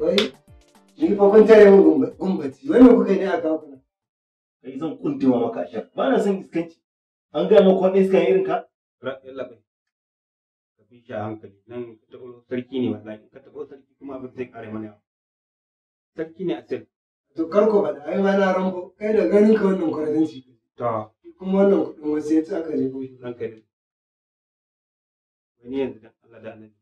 Wai, ni fa kun tare mun gumbaci, wai me kuka yi a kawo kana? Kai zan kuntewa maka a ba na son iskanci. An gaya maka wani iskan irin ka? Yalla bai. Ka bi shi a hankali, nan ka taɓo sarki ne wallahi, ka sarki kuma abin zai ƙare mana yawa. Sarki ne a sirri. To kar ku faɗa, ai ma na rambo, kai da ganin ka wannan kwarazanci. Ta. Kuma wannan kuɗin wasu ya ci aka je ko shi Wani yanzu dan Allah da annabi.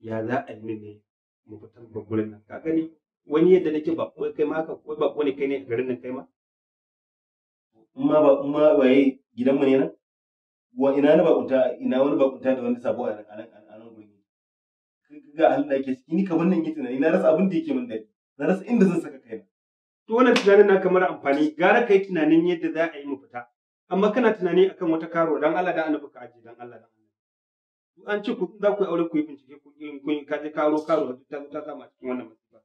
Ya za a yi mu fitar da gurin nan ka gani wani yadda nake ba kai ma haka ko ba ne kai ne garin nan kai ma ma ba ma waye gidan mu ne nan wa ina na bakunta ina wani bakunta da wani sabo a nan a nan a nan gurin ga halin da yake ciki ni kamar nan yi tunani na rasa abin da yake min dadi na rasa inda zan saka kai. to wannan tunanin na kamar amfani gara kai tunanin yadda za a yi mu fita amma kana tunani akan wata karo dan Allah da annabi ka aje dan Allah dan an ce ku za ku yi aure ku yi bincike ku yi kun ka je karo karo duk ta ta kama cikin wannan masifa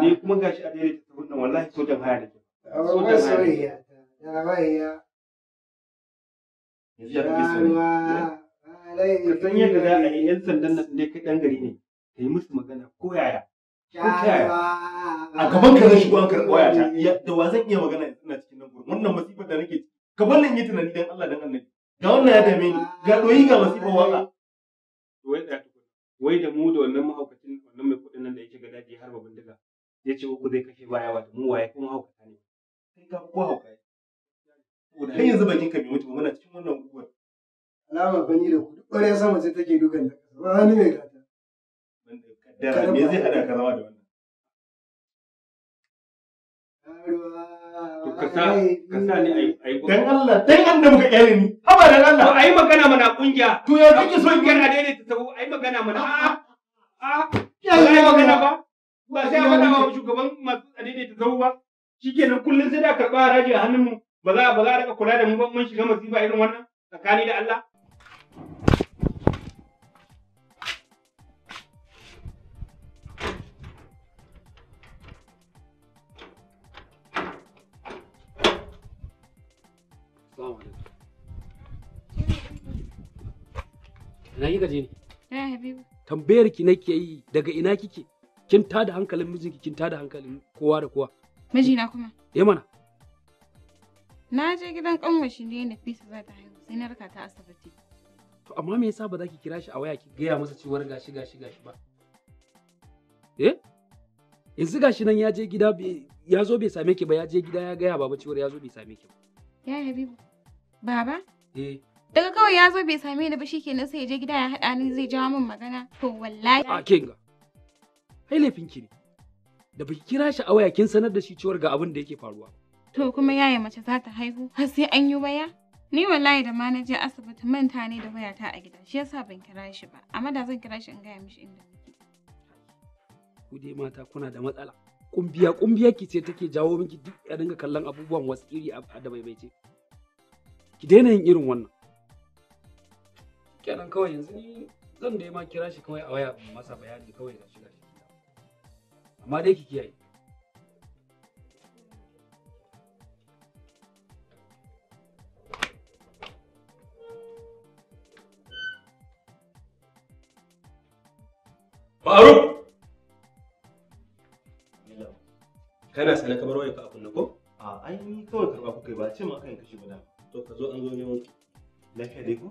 ni kuma gashi a daidai ta wannan wallahi sojan haya da ke sojan haya yanzu ya fi eh? ka san yadda za a yi yan sandan nan dai ka dan gari ne ka yi musu magana ko yaya a gaban ka zan shigo an karɓi wayata da wa zan iya magana ina cikin nan gurin wannan masifar da nake ka bar nan yi tunani dan Allah don Annabi da wannan ya dame ni ga ɗoyi ga masifar waka. Wai da wai da mu da wannan mahaukacin wannan mai kuɗin nan da yake ga daji har ba bindiga ya ce uku zai kashe baya wata mu waye kuma haukata ne. Kai ka ko haukaye. Saboda har yanzu bakin ka bai mutu muna cikin wannan guguwar. Alama fani da kuɗi ƙwarai sama ce take dukan da ba wani mai gata. Kaddara me zai hada ka zama da wannan? Karuwa. ka sa ka ni ayi dan Allah dan Allah muka kyale ni haba dan Allah ayi magana mana kungiya to ya kike so kiyar a daidaita sabo ayi magana mana a a ya ayi magana ba ba sai a faɗa wa shugaban masu a daidaita sabo ba shikenan kullun sai da karɓa haraji a hannun mu ba za ba za a kula da mu ba mun shiga masifa irin wannan tsakani da Allah kika je ne? Eh Habibu. Tambayar ki nake yi daga ina kike? Kin tada hankalin mijinki kin tada hankalin kowa da kowa. Mijina kuma. Ya mana. Na je gidan kanwashi ne na fisa za ta haihu sai na raka ta asibiti. To amma me yasa ba za ki kira shi a waya ki gaya masa cewar gashi gashi gashi ba? Eh? Yanzu gashi nan ya je gida bai ya zo bai same ki ba ya je gida ya gaya baba cewar ya zo bai same ki ba. Ya Habibu. Baba? Eh. Daga kawai ya zo bai same ni ba shi kenan sai ya je gida ya haɗa ni zai jawo min magana. To wallahi. A kinga kai Ai laifin ki ne. Da baki kira shi a waya kin sanar da shi cewar ga abin da yake faruwa. To kuma yaya mace za ta haihu har sai an yi waya? Ni wallahi da ma na je asibiti manta ne da wayata a gida shi yasa ban kira shi ba amma da zan kira shi in gaya mishi inda nake. Ku dai mata kuna da matsala. Kumbiya kumbiya ki ce take jawo miki duk ya dinga kallon abubuwan wasu iri a da maimaice. Ki daina yin irin wannan. kenan kawai yanzu ni zan da ma kira shi kawai a waya masa bayani kawai da shiga shi amma dai ki kiyaye faru Kana sane kamar wayanka a kunna ko? A ai kawai karba kuka ba ce ma kan kashi ba da. To ka zo an zo neman lafiya dai ko?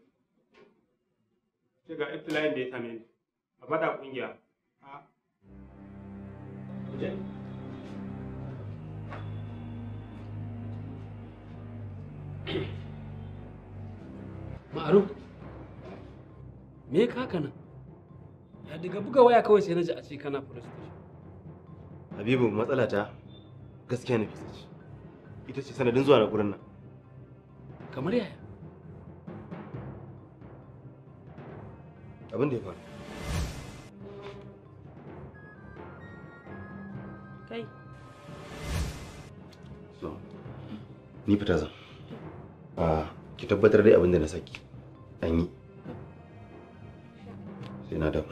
ce ga iftilayin da ya same ni a faɗa ƙungiya a (coughs) Ma'aruf, me ka Ya daga buga waya kawai sai na ji a ce kana frustration. Habibu matsala ta gaskiya na fisa ce. Ita ce sanadin zuwa na gurin nan. abin da ya faru kai so ni fita zan a ah, ki tabbatar dai abin da na saki an yi sai na dawo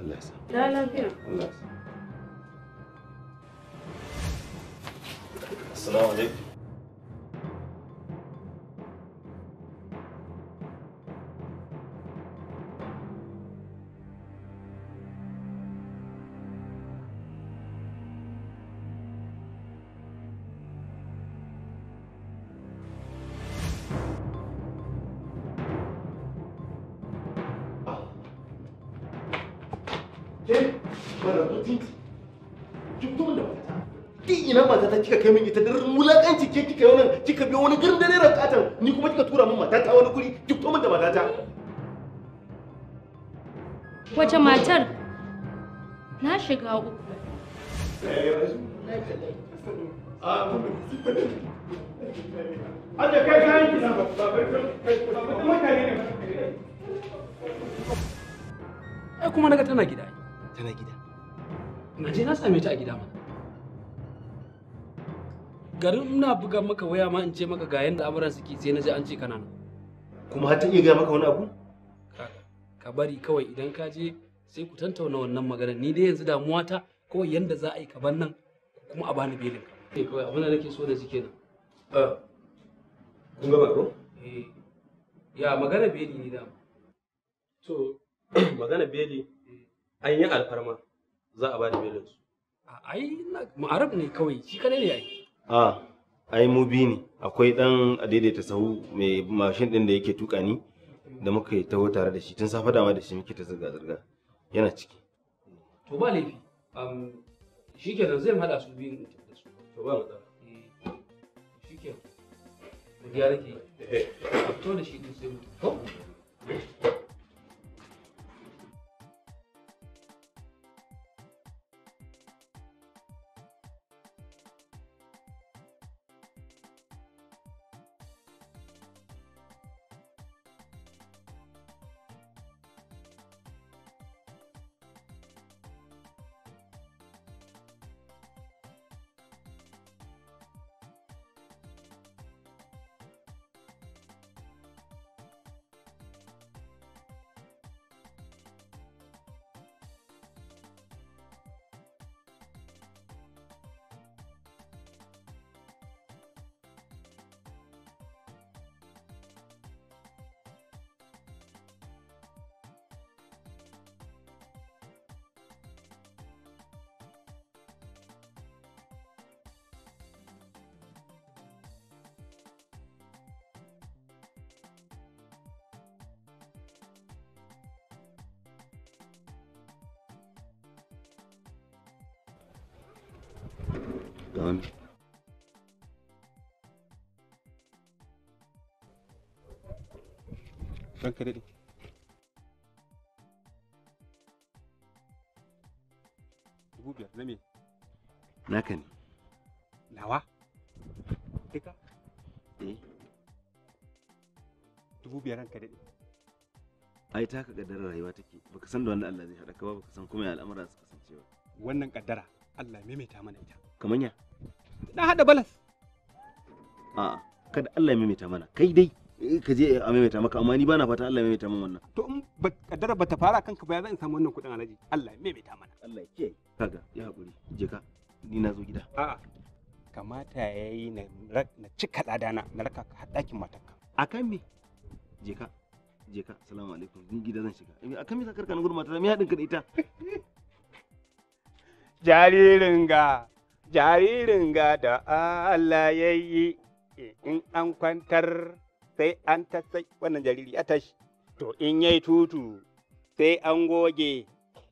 Allah ya sa da lafiya Allah ya sa Assalamu alaikum mara duk ina matata kika kai min ita da wulakanci ke kika yi wannan kika biyo wani garin da ne rakatan ni kuma kika tura min matata wani guri duk to min da matata wace matar na shiga uku Hadi kai kayan ki na ba ba ba kuma naga Tana gida. na je na same ta a gida ma garin ina buga maka waya ma in ce maka ga yanda amuran suke sai na an ce kana nan kuma har ta iya ga maka wani abu ka bari kawai idan ka je sai ku tantauna wannan magana ni dai yanzu damuwa ta kawai yanda za a yi kaban nan kuma a bani belin ka eh, kawai abin da nake so da shi kenan ah, kun gama ko eh ya magana beli ni da to (clears throat) magana beli eh. an yi alfarma za a bada belin su ai ma'arab ne kawai shi kadai ne ai a ai mu bi ne akwai dan a daidaita sahu mai mashin din da yake tuka ni da muka yi taho tare da shi tun safa dama da shi muke ta zirga zirga yana ciki to ba laifi shi kenan zai hada su biyun da su to ba matsala eh, shi kenan gyara ki a fito da shi din sai mutum Done. Danke, Didi. Dubu biyar na me? Naka Nawa? Duka? Eh. Dubu biyar ranka daɗi. Ai ta ka ƙaddarar rayuwa take baka san da wanda Allah zai haɗa ka ba baka san kuma ya al'amura su kasance ba. Wannan ƙaddara Allah maimaita mana ita. Kamanya? na hada balas A kada Allah ya maimaita mana kai dai eh, ka je a maimaita maka amma ni bana fata Allah ya maimaita mana wannan to in ba kaddara ba ta fara kanka ba ya zan samu wannan kudin alaji Allah ya maimaita mana Allah ya kiyaye kaga ya hakuri je ka ni na zo gida A kamata yayi na na cika ladana na raka ka har dakin a akan me je ka je ka assalamu alaikum ni gida zan shiga eh, akan me ka karka na gudu matar me hadin ka da ita (laughs) jaririn ga jaririn ga da Allah ya yi in an kwantar sai an tasai wannan jariri ya tashi to in yi tutu sai an goge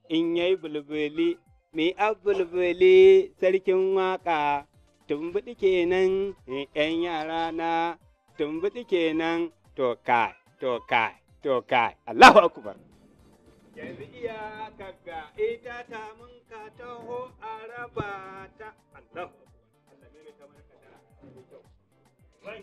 in yi bulbuli mai abulbuli sarkin waka tumbuɗi kenan yan yara na tumbuɗi kenan to kai to kai to kai Allahu akbar yanzu iya kaga ita ta mun ka taho a raba ta Allah Allah ne kamar ka tara mai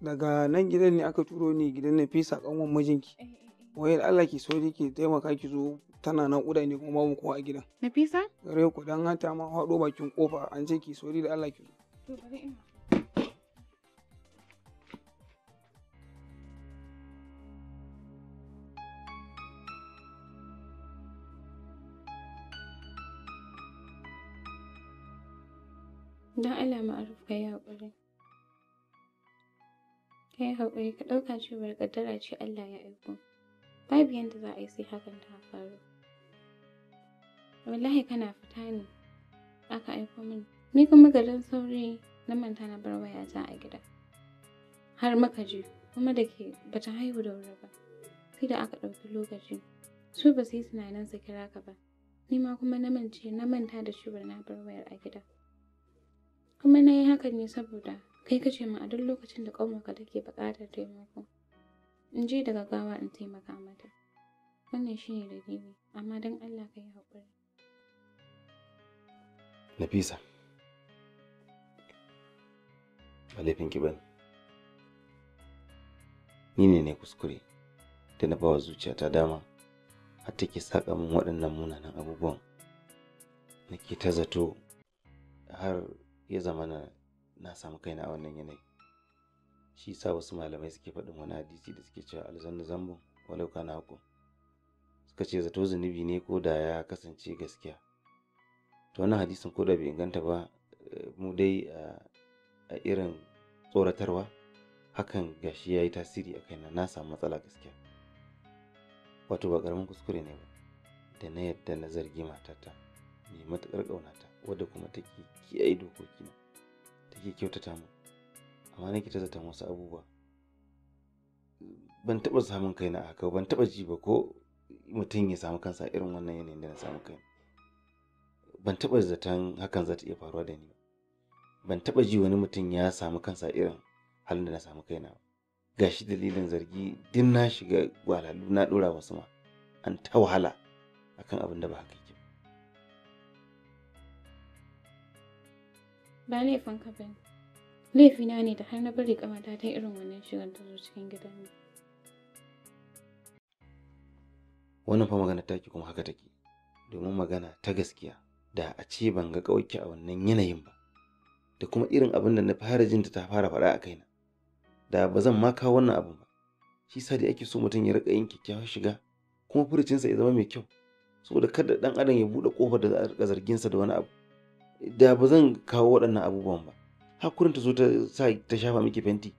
daga nan gidan ne aka turo ni gidan na fisa kanwan mijinki eh, eh, eh. wai Allah ki so ki taimaka ki zo tana nan uda ne kuma babu kowa a gidan na fisa gare ku dan hata ma hado bakin kofa an ce ki sori da Allah ki zo Dan Allah ma'arufa ya yi Ka yi haƙuri ka ɗauka cewar ƙaddara ce Allah ya aiko. Babu yadda za a yi sai hakan ta faru. Wallahi kana fita ne aka aiko min. Ni kuma garin sauri na manta na bar wayata a gida. Har maka je kuma da ke bata haihu da wuri ba. Sai da aka ɗauki lokaci. Su ba su yi tunanin su kira ka ba. Ni ma kuma na na manta da cewar na bar wayar a gida. Kuma na yi hakan ne saboda kai kace ma a duk lokacin da ƙanwarka take buƙatar taimako in je daga gawa in taimaka mata wannan shi shine dalili amma don Allah ka yi haƙuri Nafisa ba laifinki ba ni ne ne kuskure da na bawa zuciyata dama har take saƙa min waɗannan munanan abubuwan nake ta zato har ya zama na na samu kaina a wannan yanayi shi sa wasu malamai suke faɗin wani hadisi da suke cewa alzanna zambon walau kana haku suka ce zato zunubi ne ko da ya kasance gaskiya to wannan hadisin ko da bai inganta ba eh, mu dai eh, a irin tsoratarwa hakan gashi ya yi tasiri a kaina na samu matsala gaskiya wato ba karamin kuskure ne ba da na yadda na zargi matata mai matuƙar ƙaunata wadda kuma take kiyaye dokokina take kyautata mu amma nake ta zaton wasu abubuwa ban taɓa samun kai na haka ban taɓa ji ba ko mutum ya samu kansa irin wannan yanayin da na samu kai. ban taɓa zaton hakan za ta iya faruwa da ni ban taɓa ji wani mutum ya samu kansa irin halin da na samu na. ba gashi dalilin zargi din na shiga walalu na ɗora wasu ma an ta wahala akan abin da ba haka Ba laifinka ba ne. Laifina ne da har na bari kamata ta irin wannan shigar ta zo cikin gidan ne Wannan fa magana taki kuma haka take. Domin magana ta gaskiya da a ce ban ga ƙauki a wannan yanayin ba. Da kuma irin abin da na fara jin ta fara faɗa a kaina. Da ba zan ma kawo wannan abin ba. Shi sa da ake so mutum ya riƙa yin kyakkyawan shiga kuma furucinsa ya zama mai kyau. Saboda kada ɗan adam ya buɗe ƙofar da za a zarginsa da wani abu. da ba zan kawo waɗannan abubuwan ba hakurin ta zo ta sa ta shafa miki fenti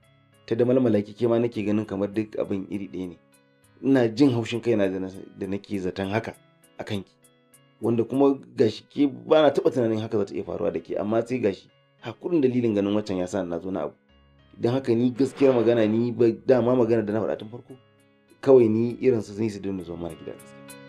ta da malmala ke ma nake ganin kamar duk abin iri ɗaya ne ina jin haushin kaina da nake zaton haka a kanki wanda kuma gashi ke ba na taɓa tunanin haka za ta iya faruwa da ke amma sai gashi hakurin dalilin ganin waccan ya sa na zo na abu don haka ni gaskiyar magana ni ba dama magana da na faɗa tun farko kawai ni irin su zai yi su dinga zo mara gida